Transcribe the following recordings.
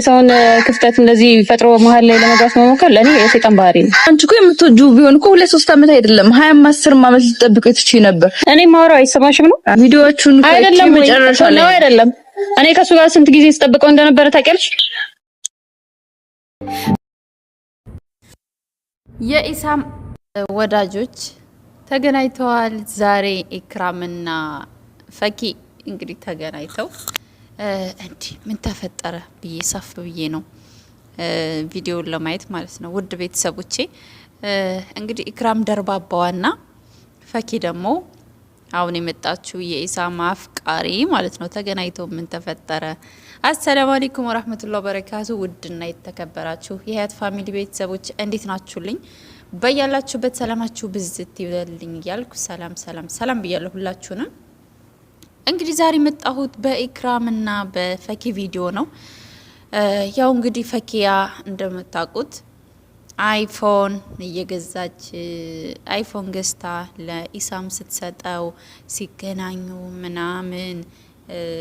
የሰውን ክፍተት እንደዚህ ፈጥሮ መሀል ላይ ለመግባት መሞከር ለእኔ የሴጣን ባህሪ ነው። አንቺ እኮ የምትወጂው ቢሆን እኮ ሁለት ሶስት ዓመት አይደለም ሀያም አስርም ዓመት ልትጠብቅ ትች ነበር። እኔ ማውራው አይሰማሽም ነው ቪዲዮዎቹን አይደለም መጨረሻ ነው አይደለም። እኔ ከእሱ ጋር ስንት ጊዜ ስጠብቀው እንደነበረ ታውቂያለሽ። የኢሳም ወዳጆች ተገናኝተዋል ዛሬ ኢክራምና ፈኪ እንግዲህ ተገናኝተው እንዲህ ምን ተፈጠረ ብዬ ሳፍ ብዬ ነው ቪዲዮውን ለማየት ማለት ነው። ውድ ቤተሰቦቼ እንግዲህ ኢክራም ደርባባዋና ፈኪ ደግሞ አሁን የመጣችው የኢሳም አፍቃሪ ማለት ነው። ተገናኝተው ምን ተፈጠረ? አሰላሙ አለይኩም ወራህመቱላሂ ወበረካቱ። ውድና የተከበራችሁ የሀያት ፋሚሊ ቤተሰቦች እንዴት ናችሁልኝ? በያላችሁበት ሰላማችሁ ብዝት ይበልልኝ እያልኩ ሰላም ሰላም ሰላም ብያለሁ ሁላችሁንም እንግዲህ ዛሬ የመጣሁት በኢክራምና በፈኪ ቪዲዮ ነው። ያው እንግዲህ ፈኪያ እንደምታውቁት አይፎን እየገዛች አይፎን ገዝታ ለኢሳም ስትሰጠው ሲገናኙ ምናምን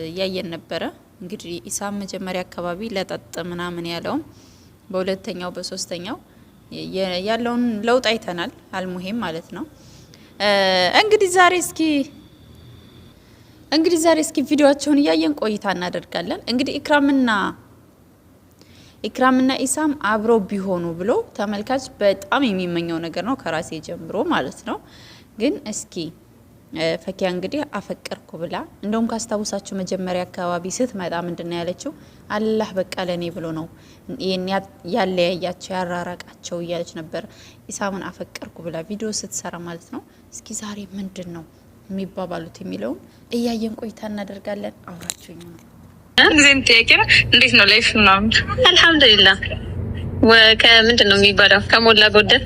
እያየን ነበረ። እንግዲህ ኢሳም መጀመሪያ አካባቢ ለጠጥ ምናምን ያለውም በሁለተኛው በሶስተኛው ያለውን ለውጥ አይተናል። አልሙሄም ማለት ነው እንግዲህ ዛሬ እስኪ እንግዲህ ዛሬ እስኪ ቪዲዮቸውን እያየን ቆይታ እናደርጋለን። እንግዲህ ኢክራምና ኢክራምና ኢሳም አብሮ ቢሆኑ ብሎ ተመልካች በጣም የሚመኘው ነገር ነው፣ ከራሴ ጀምሮ ማለት ነው። ግን እስኪ ፈኪያ እንግዲህ አፈቀርኩ ብላ እንደውም ካስታውሳችሁ መጀመሪያ አካባቢ ስትመጣ ምንድን ያለችው አላህ በቃ ለእኔ ብሎ ነው ይህን ያለያያቸው ያራራቃቸው እያለች ነበር። ኢሳምን አፈቀርኩ ብላ ቪዲዮ ስትሰራ ማለት ነው። እስኪ ዛሬ ምንድን ነው የሚባባሉት የሚለውም እያየን ቆይታ እናደርጋለን። አብራችሁኝ ነው። ጊዜም ጥያቄ ነው። እንዴት ነው ላይፍ ምናምን? አልሐምዱሊላ ከምንድን ነው የሚባለው ከሞላ ጎደል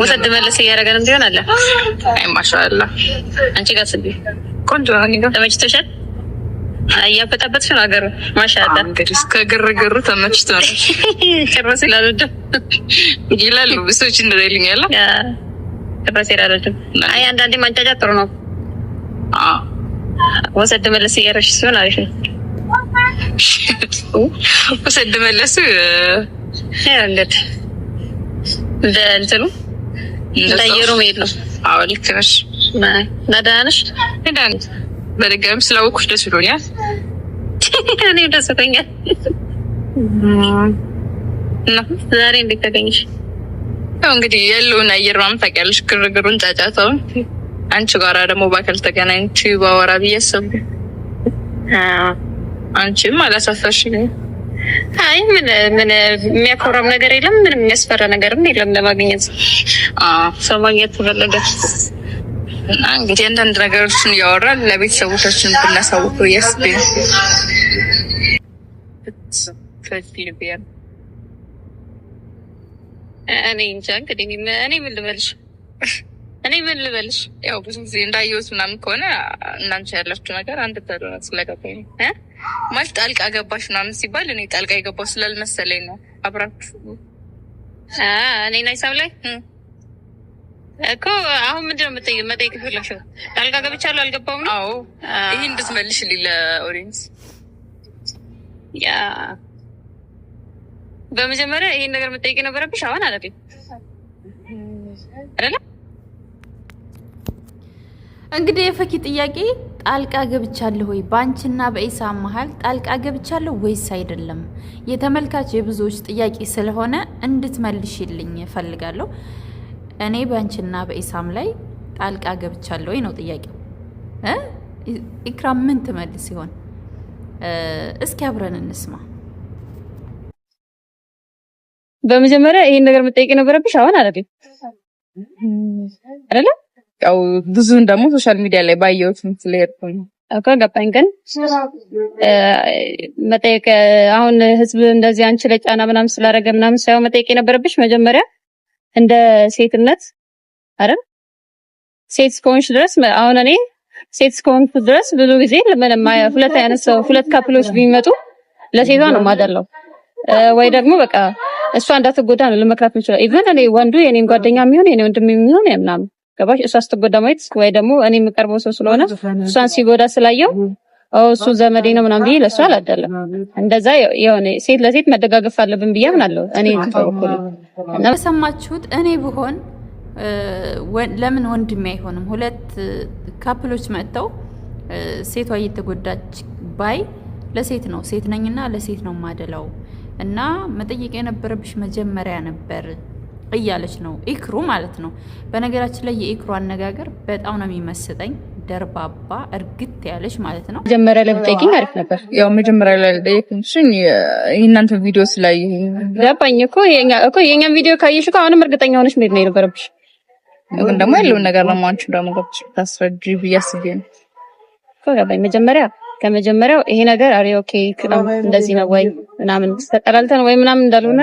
ውሰድ መለስ ነው ቢሆን አለ። አይ ማሻአላ። አንቺ ጋር ስቢ ቆንጆ ነው። ተመችቶሻል? እያበጣበጥሽ ነው ሀገሩ። ማሻአላ። እንግዲህ ከግርግሩ ተመችቶ ነው ጭራሽ ይላሉ። ይላሉ ብሶች እንደዛ ይሉኛል። ደረስ ሄዳለችም። አይ አንዳንዴ ጥሩ ነው። ወሰድ መለስ እያረሽ ሲሆን አሪፍ ነው። ወሰድ መሄድ ነው። አዎ ልክ ነሽ። እና ደህና ነሽ? ደህና በድጋሚ ስላወኩሽ ደስ ብሎኛል። እኔም ደስ ብሎኛል። ዛሬ እንዴት ተገኘሽ? ያው እንግዲህ የሉን አየር ታውቂያለሽ፣ ግርግሩን፣ ጫጫታውን አንቺ ጋራ ደግሞ በአካል ተገናኝቺ ባወራ ብዬ አሰብኩ። አንቺም አላሳፈርሽም። አይ ምን ምን የሚያኮራም ነገር የለም፣ ምንም የሚያስፈራ ነገርም የለም። ለማግኘት ሰው ማግኘት ተፈለገ እና እንግዲህ አንዳንድ ነገሮችን እያወራን ለቤተሰቦቻችን ብናሳውቅ ብዬ አስቤ ነው። እኔ እንጃ እንግዲህ እኔ ምን ልበልሽ እኔ ምን ልበልሽ፣ ያው ብዙ ጊዜ እንዳየሁት ምናምን ከሆነ እናንተ ያላችሁ ነገር አንድ ተደረ ስለገባኝ ነው ማለት ጣልቃ ገባሽ ምናምን ሲባል እኔ ጣልቃ የገባው ስላልመሰለኝ ነው። አብራችሁ እኔን አይሳብ ላይ እኮ አሁን ምንድን የምጠይቅ መጠየቅ ይፈላሽ ጣልቃ ገብቻለሁ አልገባሁም ነው። ይህ እንድትመልሽ ሌላ ኦዲየንስ ያ በመጀመሪያ ይሄን ነገር መጠየቅ የነበረብሽ አሁን አይደለም አይደለ? እንግዲህ የፈኪ ጥያቄ ጣልቃ ገብቻለሁ ወይ በአንቺና በኢሳም መሀል ጣልቃ ገብቻለሁ ወይስ አይደለም? የተመልካች የብዙዎች ጥያቄ ስለሆነ እንድትመልሽልኝ እፈልጋለሁ። እኔ በአንቺና በኢሳም ላይ ጣልቃ ገብቻለሁ ወይ ነው ጥያቄው። ኢክራም ምን ትመልስ ይሆን? እስኪ አብረን እንስማ። በመጀመሪያ ይሄን ነገር መጠየቅ የነበረብሽ አሁን አለብኝ አይደለ? ያው ብዙን ደግሞ ሶሻል ሚዲያ ላይ ባየሁት ስለሄድኩኝ አካ ገባኝ። ግን መጠየቅ አሁን ህዝብ እንደዚህ አንቺ ለጫና ጫና ምናምን ስላደረገ ምናምን ሳይሆን መጠየቅ የነበረብሽ መጀመሪያ እንደ ሴትነት አይደል? ሴት እስከሆንሽ ድረስ አሁን እኔ ሴት እስከሆንኩ ድረስ ብዙ ጊዜ ለምንም ሁለት አይነት ሰው ሁለት ካፕሎች ቢመጡ ለሴቷ ነው ማደለው ወይ ደግሞ በቃ እሷ እንዳትጎዳ ነው ልመክራት የምችለው። ኢቨን እኔ ወንዱ የኔን ጓደኛ የሚሆን የኔ ወንድም የሚሆን ምናምን ገባሽ፣ እሷ ስትጎዳ ማየት ወይ ደግሞ እኔ የምቀርበው ሰው ስለሆነ እሷን ሲጎዳ ስላየው እሱ ዘመዴ ነው ምናምን ብዬ ለእሱ አላደለም። እንደዛ የሆነ ሴት ለሴት መደጋገፍ አለብን ብዬ አምናለሁ። እኔ ተወኩል ሰማችሁት። እኔ ብሆን ለምን ወንድሜ አይሆንም? ሁለት ካፕሎች መጥተው ሴቷ እየተጎዳች ባይ ለሴት ነው ሴት ነኝና ለሴት ነው ማደላው እና መጠየቅ የነበረብሽ መጀመሪያ ነበር እያለች ነው ኢክሩ ማለት ነው። በነገራችን ላይ የኢክሩ አነጋገር በጣም ነው የሚመስጠኝ። ደርባባ እርግት ያለች ማለት ነው። መጀመሪያ ላይ ብጠይቅኝ አሪፍ ነበር። ያው መጀመሪያ ላይ ጠየቅሽኝ የእናንተ ቪዲዮ ስላይ ገባኝ እኮ እኮ የእኛን ቪዲዮ ካየሽ አሁንም እርግጠኛ ሆነች መሄድ ነው የነበረብሽ። ግን ደግሞ ያለውን ነገር ለማንች ደግሞ ታስረጅ ብዬ ነው እኮ ገባኝ መጀመሪያ ከመጀመሪያው ይሄ ነገር አሬ ኦኬ ነው እንደዚህ ነው ወይ ምናምን ተጠላልተን ወይ ምናምን እንዳልሆነ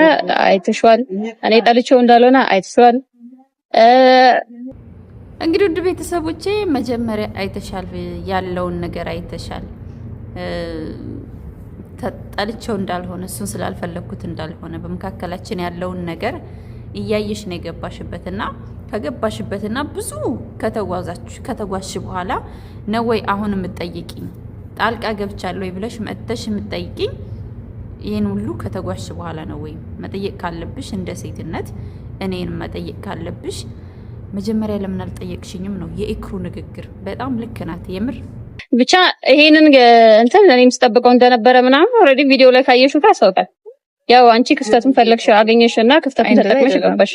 አይተሽዋል። እኔ ጠልቼው እንዳልሆነ አይተሽዋል። እንግዲህ ውድ ቤተሰቦቼ መጀመሪያ አይተሻል፣ ያለውን ነገር አይተሻል። ጠልቼው እንዳልሆነ እሱን ስላልፈለግኩት እንዳልሆነ በመካከላችን ያለውን ነገር እያየሽ ነው የገባሽበትና ከገባሽበትና ብዙ ከተጓዛች ከተጓዝሽ በኋላ ነው ወይ አሁን የምትጠይቂኝ? ጣልቃ ገብቻለሁ ወይ ብለሽ መጥተሽ የምትጠይቅኝ ይህን ሁሉ ከተጓሽ በኋላ ነው። ወይም መጠየቅ ካለብሽ እንደ ሴትነት እኔን መጠየቅ ካለብሽ መጀመሪያ ለምን አልጠየቅሽኝም ነው የኢክሩ ንግግር። በጣም ልክ ናት የምር ብቻ ይሄንን እንትን እኔም ስጠብቀው እንደነበረ ምናምን ኦልሬዲ ቪዲዮ ላይ ካየሽው ታስታውቃል። ያው አንቺ ክፍተቱን ፈለግሽ አገኘሽ እና ክፍተቱን ተጠቅመሽ ገባሽ።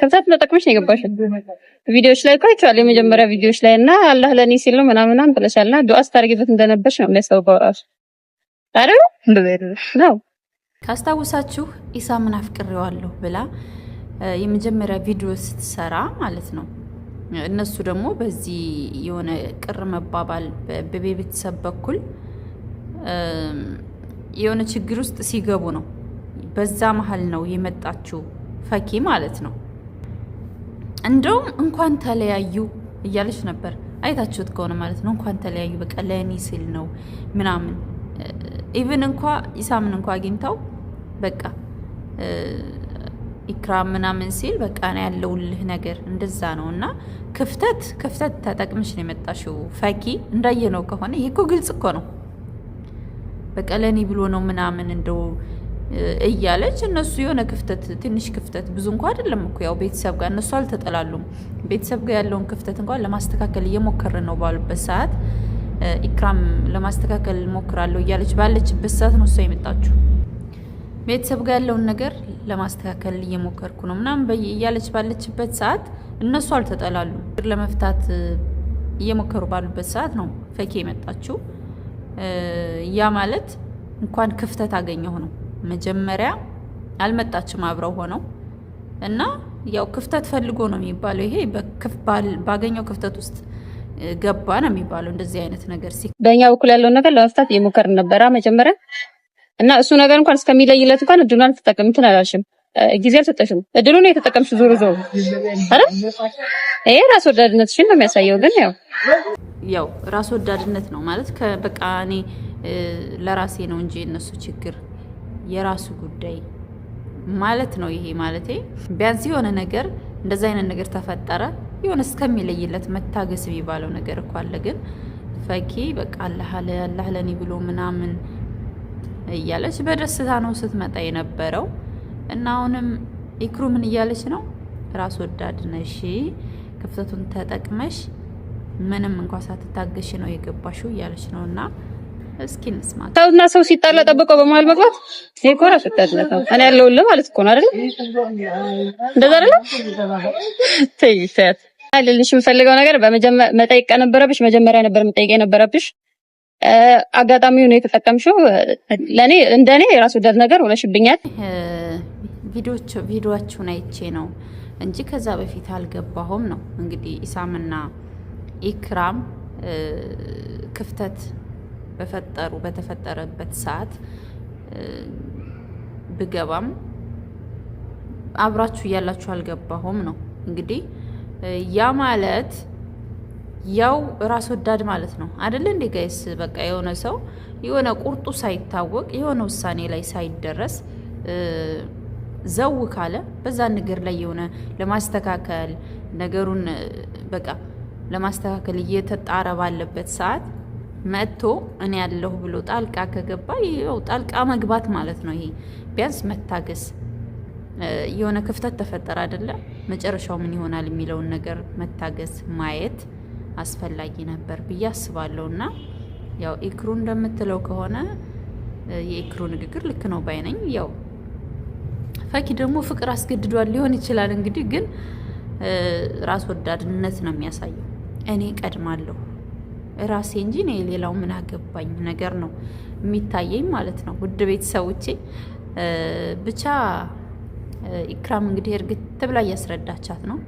ከብዛት ተጠቅመሽ ነው የገባሽው። ቪዲዮዎች ላይ እኮ አይቼዋለሁ፣ የመጀመሪያ ቪዲዮዎች ላይ እና አላህ ለኔ ሲል ነው ምናምን ምናምን ብለሻል ብለሻልና ዱዓ ስታደርጊበት እንደነበርሽ ነው የሚያስታውቀው ራሱ አይደል? ነው ካስታውሳችሁ ምን አፍቅሬዋለሁ ብላ የመጀመሪያ ቪዲዮ ስትሰራ ማለት ነው። እነሱ ደግሞ በዚህ የሆነ ቅር መባባል በቤተሰብ በኩል የሆነ ችግር ውስጥ ሲገቡ ነው። በዛ መሀል ነው የመጣችው ፈኪ ማለት ነው። እንደውም እንኳን ተለያዩ እያለች ነበር። አይታችሁት ከሆነ ማለት ነው። እንኳን ተለያዩ በቃ ለእኔ ስል ነው ምናምን ኢቭን እንኳ ኢሳምን እንኳ አግኝተው በቃ ኢክራም ምናምን ሲል በቃ ነው ያለውልህ ነገር እንደዛ ነው። እና ክፍተት ክፍተት ተጠቅምሽ ነው የመጣሽው ፈኪ። እንዳየነው ከሆነ ይህ እኮ ግልጽ እኮ ነው። በቃ ለእኔ ብሎ ነው ምናምን እንደው እያለች እነሱ የሆነ ክፍተት ትንሽ ክፍተት ብዙ እንኳ አይደለም እኮ ያው ቤተሰብ ጋር እነሱ አልተጠላሉም። ቤተሰብ ጋር ያለውን ክፍተት እንኳን ለማስተካከል እየሞከር ነው ባሉበት ሰዓት ኢክራም ለማስተካከል ሞክራለሁ እያለች ባለችበት ሰዓት ነው እሷ የመጣችሁ። ቤተሰብ ጋር ያለውን ነገር ለማስተካከል እየሞከርኩ ነው ምናምን እያለች ባለችበት ሰዓት እነሱ አልተጠላሉ ለመፍታት እየሞከሩ ባሉበት ሰዓት ነው ፈኬ የመጣችው። ያ ማለት እንኳን ክፍተት አገኘሁ ነው። መጀመሪያ አልመጣችም አብረው ሆነው እና ያው ክፍተት ፈልጎ ነው የሚባለው። ይሄ ባገኘው ክፍተት ውስጥ ገባ ነው የሚባለው። እንደዚህ አይነት ነገር ሲ በእኛ በኩል ያለውን ነገር ለመፍታት የሞከር ነበረ መጀመሪያ እና እሱ ነገር እንኳን እስከሚለይለት እንኳን እድሉን አልተጠቀም እንትን አላልሽም፣ ጊዜ አልሰጠሽም፣ እድሉን የተጠቀምሽ ዞሮ ዞሮ አረ ይሄ ራስ ወዳድነትሽን ነው የሚያሳየው። ግን ያው ያው ራስ ወዳድነት ነው ማለት በቃ እኔ ለራሴ ነው እንጂ የነሱ ችግር የራሱ ጉዳይ ማለት ነው። ይሄ ማለቴ ቢያንስ የሆነ ነገር እንደዚ አይነት ነገር ተፈጠረ የሆነ እስከሚለይለት መታገስ የሚባለው ነገር እኮ አለ። ግን ፈኪ በቃ አላህ ለኔ ብሎ ምናምን እያለች በደስታ ነው ስትመጣ የነበረው እና አሁንም ኢክሩ ምን እያለች ነው? ራስ ወዳድ ነሽ፣ ክፍተቱን ተጠቅመሽ ምንም እንኳ ሳትታገሽ ነው የገባሽው እያለች ነው እና እስኪ እንስማ። ሰውና ሰው ሲጣላ ጠብቀው በመሀል መግባት ይሄ እኮ እራሱ ወዳድነት ነው። እኔ ያለሁልህ ማለት እኮ ነው አይደል? እንደዛ አይደል? ተይ ሰት ልልሽ የምፈልገው ነገር በመጀመሪያ መጠየቅ ነበረብሽ። መጀመሪያ ነበር መጠየቅ የነበረብሽ። አጋጣሚው ነው የተጠቀምሽው። ለኔ እንደኔ የራስ ወዳድ ነገር ሆነሽብኛል። ቪዲዮቹ ቪዲዮቹን አይቼ ነው እንጂ ከዛ በፊት አልገባሁም ነው እንግዲህ ኢሳምና ኢክራም ክፍተት በፈጠሩ በተፈጠረበት ሰዓት ብገባም አብራችሁ እያላችሁ አልገባሁም ነው እንግዲህ። ያ ማለት ያው ራስ ወዳድ ማለት ነው አደለ እንዴ ጋይስ? በቃ የሆነ ሰው የሆነ ቁርጡ ሳይታወቅ የሆነ ውሳኔ ላይ ሳይደረስ ዘው ካለ በዛ ነገር ላይ የሆነ ለማስተካከል ነገሩን በቃ ለማስተካከል እየተጣረ ባለበት ሰዓት መጥቶ እኔ ያለሁ ብሎ ጣልቃ ከገባ ይኸው ጣልቃ መግባት ማለት ነው። ይሄ ቢያንስ መታገስ የሆነ ክፍተት ተፈጠረ አይደለም፣ መጨረሻው ምን ይሆናል የሚለውን ነገር መታገስ ማየት አስፈላጊ ነበር ብዬ አስባለሁ። እና ያው ኢክሩ እንደምትለው ከሆነ የኢክሩ ንግግር ልክ ነው ባይነኝ። ያው ፈኪ ደግሞ ፍቅር አስገድዷል ሊሆን ይችላል እንግዲህ፣ ግን ራስ ወዳድነት ነው የሚያሳየው። እኔ ቀድማለሁ ራሴ እንጂ እኔ ሌላው ምን አገባኝ ነገር ነው የሚታየኝ ማለት ነው። ውድ ቤተሰቦቼ ብቻ ኢክራም እንግዲህ እርግት ብላ እያስረዳቻት ነው።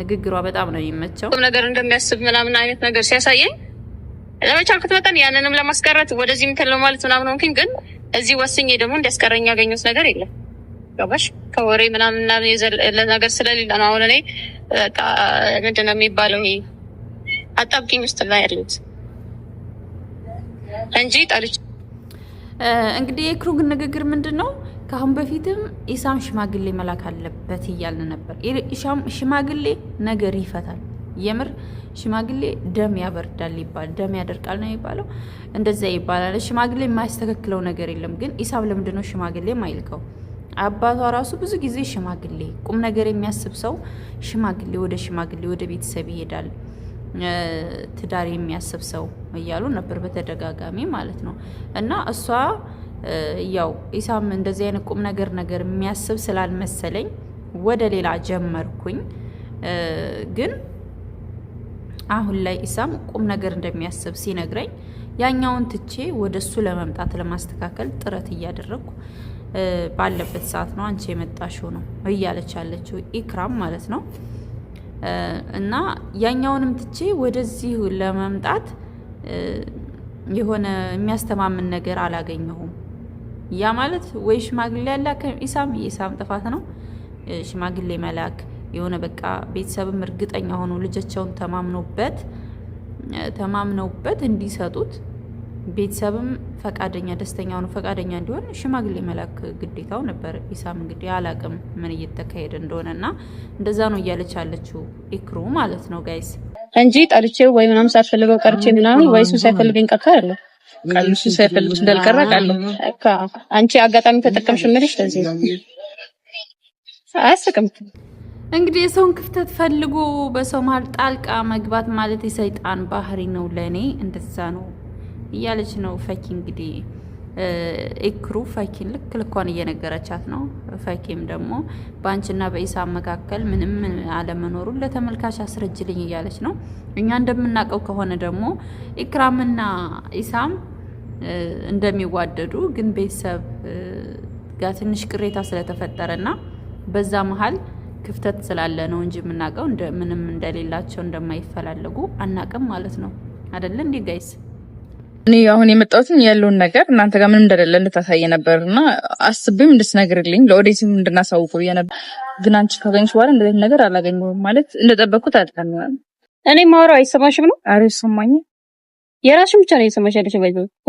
ንግግሯ በጣም ነው የሚመቸው። ነገር እንደሚያስብ ምናምን አይነት ነገር ሲያሳየኝ ለመቻልኩት መጠን ያንንም ለማስቀረት ወደዚህ ምትል ነው ማለት ምናምን ሆንኩኝ። ግን እዚህ ወስኜ ደግሞ እንዲያስቀረኝ ያገኘሁት ነገር የለም። ገባሽ? ከወሬ ምናምን ነገር ስለሌለ ነው አሁን እኔ ምንድነው የሚባለው አጣብቂኝ ውስጥ ላይ ያሉት እንጂ ጠልቼ እንግዲህ የክሩግ ንግግር ምንድን ነው? ከአሁን በፊትም ኢሳም ሽማግሌ መላክ አለበት እያልን ነበር። ሽማግሌ ነገር ይፈታል። የምር ሽማግሌ ደም ያበርዳል ይባል ደም ያደርቃል ነው የሚባለው፣ እንደዚያ ይባላል። ሽማግሌ የማያስተካክለው ነገር የለም። ግን ኢሳም ለምንድን ነው ሽማግሌ ማይልከው? አባቷ ራሱ ብዙ ጊዜ ሽማግሌ ቁም ነገር የሚያስብ ሰው ሽማግሌ ወደ ሽማግሌ ወደ ቤተሰብ ይሄዳል። ትዳር የሚያስብ ሰው እያሉ ነበር በተደጋጋሚ ማለት ነው። እና እሷ ያው ኢሳም እንደዚህ አይነት ቁም ነገር ነገር የሚያስብ ስላልመሰለኝ ወደ ሌላ ጀመርኩኝ። ግን አሁን ላይ ኢሳም ቁም ነገር እንደሚያስብ ሲነግረኝ ያኛውን ትቼ ወደ እሱ ለመምጣት ለማስተካከል ጥረት እያደረግኩ ባለበት ሰዓት ነው አንቺ የመጣሽው ነው እያለች ያለችው ኢክራም ማለት ነው። እና ያኛውንም ትቼ ወደዚህ ለመምጣት የሆነ የሚያስተማምን ነገር አላገኘሁም። ያ ማለት ወይ ሽማግሌ ያላከም ኢሳም የኢሳም ጥፋት ነው። ሽማግሌ መላክ የሆነ በቃ ቤተሰብም እርግጠኛ ሆኖ ልጃቸውን ተማምኖበት ተማምነውበት እንዲሰጡት ቤተሰብም ፈቃደኛ ደስተኛ ሆኖ ፈቃደኛ እንዲሆን ሽማግሌ መላክ ግዴታው ነበር። ኢሳም እንግዲህ አላቅም ምን እየተካሄደ እንደሆነ እና እንደዛ ነው እያለች ያለችው ኢክሩ ማለት ነው ጋይስ እንጂ ጠርቼው ወይ ምናምን ሳይፈልገው ቀርቼ ምናምን ወይ እሱ ሳይፈልገኝ ቀርታ አለ ቃልሱ ሳይፈልግ እንዳልቀረ ቃለ አንቺ አጋጣሚ ተጠቀምሽ ምልሽ ለዚህ አያስቅም። እንግዲህ የሰውን ክፍተት ፈልጎ በሰው መሀል ጣልቃ መግባት ማለት የሰይጣን ባህሪ ነው። ለእኔ እንደዛ ነው እያለች ነው ፈኪ እንግዲህ ኢክሩ ፈኪን ልክ ልኳን እየነገረቻት ነው። ፈኪም ደግሞ በአንችና በኢሳም መካከል ምንም አለመኖሩን ለተመልካች አስረጅልኝ እያለች ነው። እኛ እንደምናውቀው ከሆነ ደግሞ ኢክራምና ኢሳም እንደሚዋደዱ ግን ቤተሰብ ጋር ትንሽ ቅሬታ ስለተፈጠረና በዛ መሀል ክፍተት ስላለ ነው እንጂ የምናውቀው ምንም እንደሌላቸው እንደማይፈላለጉ አናቅም ማለት ነው። አደለ እንዲህ ጋይስ እኔ አሁን የመጣሁትን ያለውን ነገር እናንተ ጋር ምንም እንደሌለ እንድታሳየ ነበር እና አስቤም እንድትነግርልኝ ለኦዴትም እንድናሳውቁ ብዬ ነበር። ግን አንቺ ካገኘሽ በኋላ እንደዚህ ነገር አላገኘሁም ማለት እንደጠበቅኩት አድርገን እኔ ማወራው አይሰማሽም ነው? ኧረ አይሰማኝም። የራስሽን ብቻ ነው የሰማሽ ያለሽ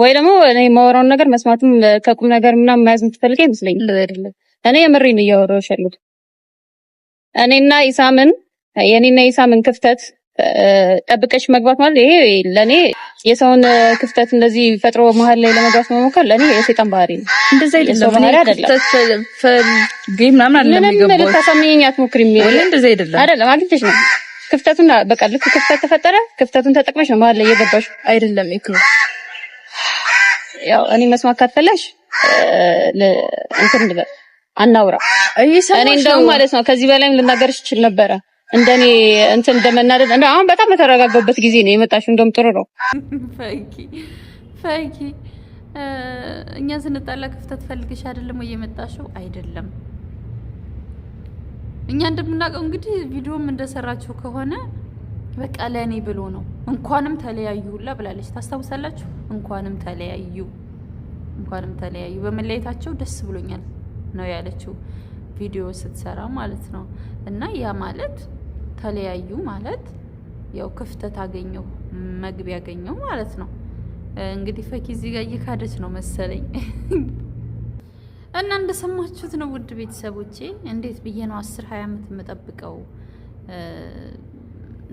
ወይ ደግሞ እኔ ማወራውን ነገር መስማትም ከቁም ነገር ምናምን መያዝ የምትፈልገ ይመስለኝ። አይደለም። እኔ የምሬን እያወራሁሽ ያሉት እኔና ኢሳምን የእኔና ኢሳምን ክፍተት ጠብቀሽ መግባት ማለት ይሄ ለእኔ የሰውን ክፍተት እንደዚህ ፈጥሮ መሀል ላይ ለመግባት መሞከር ለእኔ የሴጣን ባህሪ ነው። እንደዛ አይደለም ባህሪ አይደለም። ጌም ምናምን አይደለም። ምንም ልታሳምኚኝ አትሞክሪም። እንደዛ አይደለም አይደለም። አግኝተሽ ነው ክፍተቱን በቃ ልክ ክፍተት ተፈጠረ፣ ክፍተቱን ተጠቅመሽ ነው መሀል ላይ እየገባሽ አይደለም። ይክሩ ያው እኔ መስማት ካትፈለሽ እንትን አናውራ። እኔ እንደውም ማለት ነው ከዚህ በላይም ልናገርሽ ይችል ነበረ እንደኔ እንትን እንደመናደድ እንደ አሁን በጣም በተረጋጋሁበት ጊዜ ነው የመጣሽው። እንደውም ጥሩ ነው። ፈኪ ፈኪ እኛ ስንጣላ ክፍተት ፈልግሽ አይደለም ወይ የመጣሽው? አይደለም እኛ እንደምናውቀው እንግዲህ ቪዲዮም እንደሰራችሁ ከሆነ በቃ ለእኔ ብሎ ነው። እንኳንም ተለያዩ ሁላ ብላለች። ታስታውሳላችሁ? እንኳንም ተለያዩ እንኳንም ተለያዩ በመለየታቸው ደስ ብሎኛል ነው ያለችው ቪዲዮ ስትሰራ ማለት ነው። እና ያ ማለት ተለያዩ ማለት ያው ክፍተት አገኘው መግቢ ያገኘው ማለት ነው። እንግዲህ ፈኪ እዚህ ጋር እየካደች ነው መሰለኝ እና እንደሰማችሁት ነው ውድ ቤተሰቦቼ፣ እንዴት ብዬ ነው አስር ሀያ ዓመት የምጠብቀው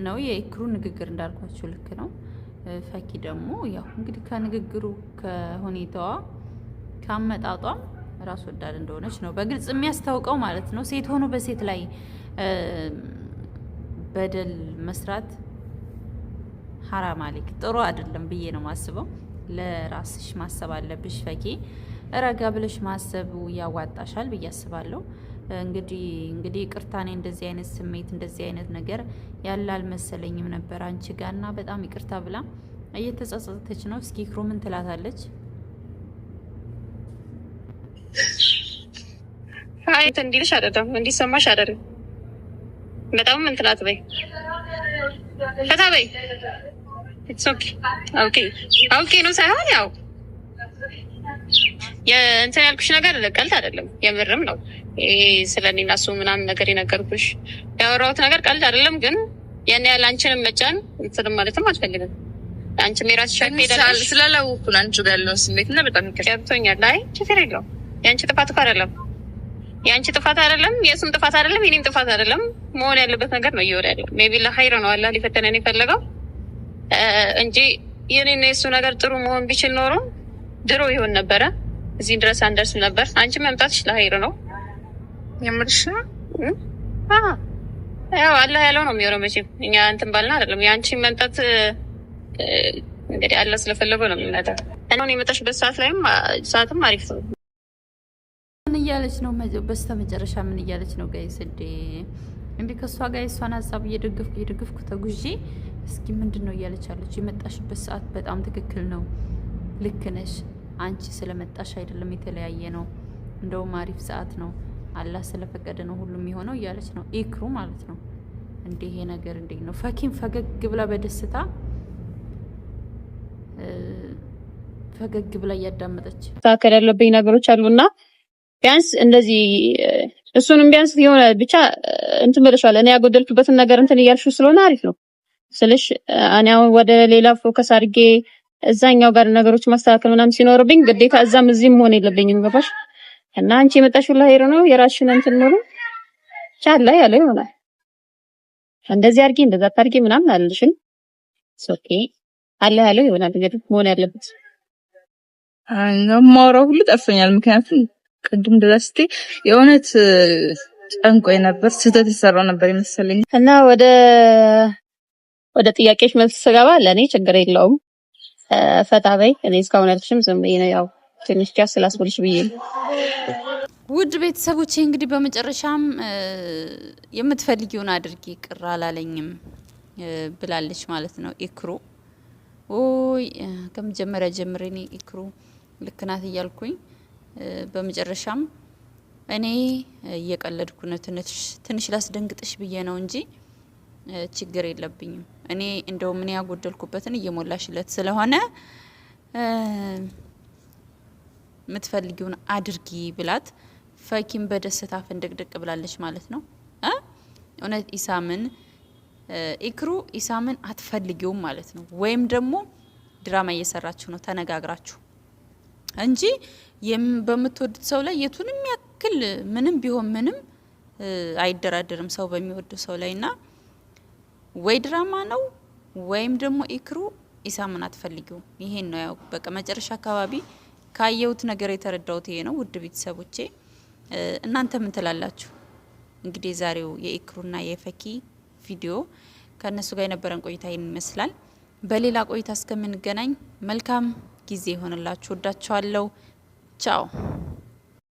ነው የኢክሩ ንግግር እንዳልኳችሁ ልክ ነው። ፈኪ ደግሞ ያው እንግዲህ ከንግግሩ ከሁኔታዋ ከአመጣጧም ራስ ወዳድ እንደሆነች ነው በግልጽ የሚያስታውቀው ማለት ነው። ሴት ሆኖ በሴት ላይ በደል መስራት ሀራም አሌክ ጥሩ አይደለም ብዬ ነው ማስበው። ለራስሽ ማሰብ አለብሽ ፈኪ። ረጋ ብለሽ ማሰብ ያዋጣሻል ብዬ አስባለሁ። እንግዲህ እንግዲህ ይቅርታ፣ እንደዚህ አይነት ስሜት እንደዚህ አይነት ነገር ያለ አልመሰለኝም ነበር አንቺ ጋና በጣም ይቅርታ ብላ እየተጸጸተች ነው። እስኪ ክሩ ምን ትላታለች? አይ እንዲልሽ አይደለም እንዲሰማሽ አይደለም በጣም እንትን አትበይ፣ ፈታ በይ። አውቄ ነው ሳይሆን ያው እንትን ያልኩሽ ነገር ቀልድ አይደለም፣ የምርም ነው። ስለ እኔና እሱ ምናምን ነገር የነገርኩሽ ያወራሁት ነገር ቀልድ አይደለም። ግን ያን ያህል አንቺንም መጫን እንትን ማለትም አልፈልግም። አንቺ የራስሽ ስለለውኩ አንቺ ጋር ያለውን ስሜት እና በጣም ገብቶኛል። አይ ችግር የለውም። የአንቺ ጥፋት እኮ አይደለም የአንቺ ጥፋት አይደለም፣ የእሱም ጥፋት አይደለም፣ የኔም ጥፋት አይደለም። መሆን ያለበት ነገር ነው እየወደ ያለው ሜቢ ለሀይር ነው አላ ሊፈተነን የፈለገው እንጂ የኔና የእሱ ነገር ጥሩ መሆን ቢችል ኖሮ ድሮ ይሆን ነበረ፣ እዚህ ድረስ አንደርስም ነበር። አንቺ መምጣትሽ ለሀይር ነው የምልሽ። ያው አላህ ያለው ነው የሚሆነው። መቼም እኛ እንትን ባልና አይደለም። የአንቺ መምጣት እንግዲህ አላህ ስለፈለገው ነው የሚመጣው። አሁን የመጣሽበት ሰዓት ላይም ሰዓትም አሪፍ ነው። እያለች ነው? በስተ መጨረሻ ምን እያለች ነው? ጋይ ስዴ እንዴ ከእሷ ጋር የእሷን ሀሳብ እየደገፍኩ እየደገፍኩ ተጉዤ እስኪ ምንድን ነው እያለች አለች። የመጣሽበት ሰዓት በጣም ትክክል ነው፣ ልክ ነሽ። አንቺ ስለመጣሽ አይደለም የተለያየ ነው፣ እንደውም አሪፍ ሰዓት ነው። አላህ ስለፈቀደ ነው ሁሉም የሆነው እያለች ነው። ኤክሩ ማለት ነው እንዲ ይሄ ነገር እንዴ ነው? ፈኪም ፈገግ ብላ በደስታ ፈገግ ብላ እያዳመጠች ታከል ያለብኝ ነገሮች አሉና ቢያንስ እንደዚህ እሱንም ቢያንስ የሆነ ብቻ እንትን ብለሻል። እኔ ያጎደልኩበትን ነገር እንትን እያልሽው ስለሆነ አሪፍ ነው ስልሽ እኔ አሁን ወደ ሌላ ፎከስ አድርጌ እዛኛው ጋር ነገሮች ማስተካከል ምናምን ሲኖርብኝ ግዴታ እዛም እዚህም መሆን የለብኝም። ገባሽ? እና አንቺ የመጣሽው ለሄሮ ነው የራስሽን እንትን ኖሮ ቻለ ያለ ይሆናል። እንደዚህ አድርጌ እንደዛ አድርጌ ምናምን አልልሽም። ሶኬ አለ ያለው ይሆናል እንግዲህ መሆን ያለበት። አይ ማውራው ሁሉ ጠፍቶኛል ምክንያቱም ቅድም ድረስ የእውነት ጨንቆ ነበር። ስህተት የሰራው ነበር ይመስለኝ እና ወደ ወደ ጥያቄዎች መልስ ስገባ ለእኔ ችግር የለውም ፈታ በይ። እኔ እስካሁን ያልኩሽም ዝም ብዬ ነው ያው ትንሽ ጃ ስላስብልሽ ብዬ ውድ ቤተሰቦቼ እንግዲህ በመጨረሻም የምትፈልጊውን አድርጊ ቅር አላለኝም ብላለች ማለት ነው። ኢክሩ ኦይ ከመጀመሪያ ጀምሬ እኔ ኢክሩ ልክናት እያልኩኝ በመጨረሻም እኔ እየቀለድኩ ነው፣ ትንሽ ላስደንግጥሽ ብዬ ነው እንጂ ችግር የለብኝም። እኔ እንደው ምን ያጎደልኩበትን እየሞላሽለት ስለሆነ የምትፈልጊውን አድርጊ ብላት ፈኪም በደስታ ፍንድቅድቅ ብላለች ማለት ነው። እውነት ኢሳምን ኢክሩ ኢሳምን አትፈልጊውም ማለት ነው። ወይም ደግሞ ድራማ እየሰራችሁ ነው ተነጋግራችሁ እንጂ በምትወዱት ሰው ላይ የቱንም ያክል ምንም ቢሆን ምንም አይደራደርም ሰው በሚወዱ ሰው ላይ ና ወይ ድራማ ነው ወይም ደግሞ ኢክሩ ኢሳምን አትፈልጊው። ይሄን ነው ያው በቃ መጨረሻ አካባቢ ካየሁት ነገር የተረዳሁት ይሄ ነው። ውድ ቤተሰቦቼ እናንተ ምን ትላላችሁ? እንግዲህ የዛሬው የኢክሩና የፈኪ ቪዲዮ ከእነሱ ጋር የነበረን ቆይታ ይህን ይመስላል። በሌላ ቆይታ እስከምንገናኝ መልካም ጊዜ ይሆንላችሁ። ወዳችኋለሁ። ቻው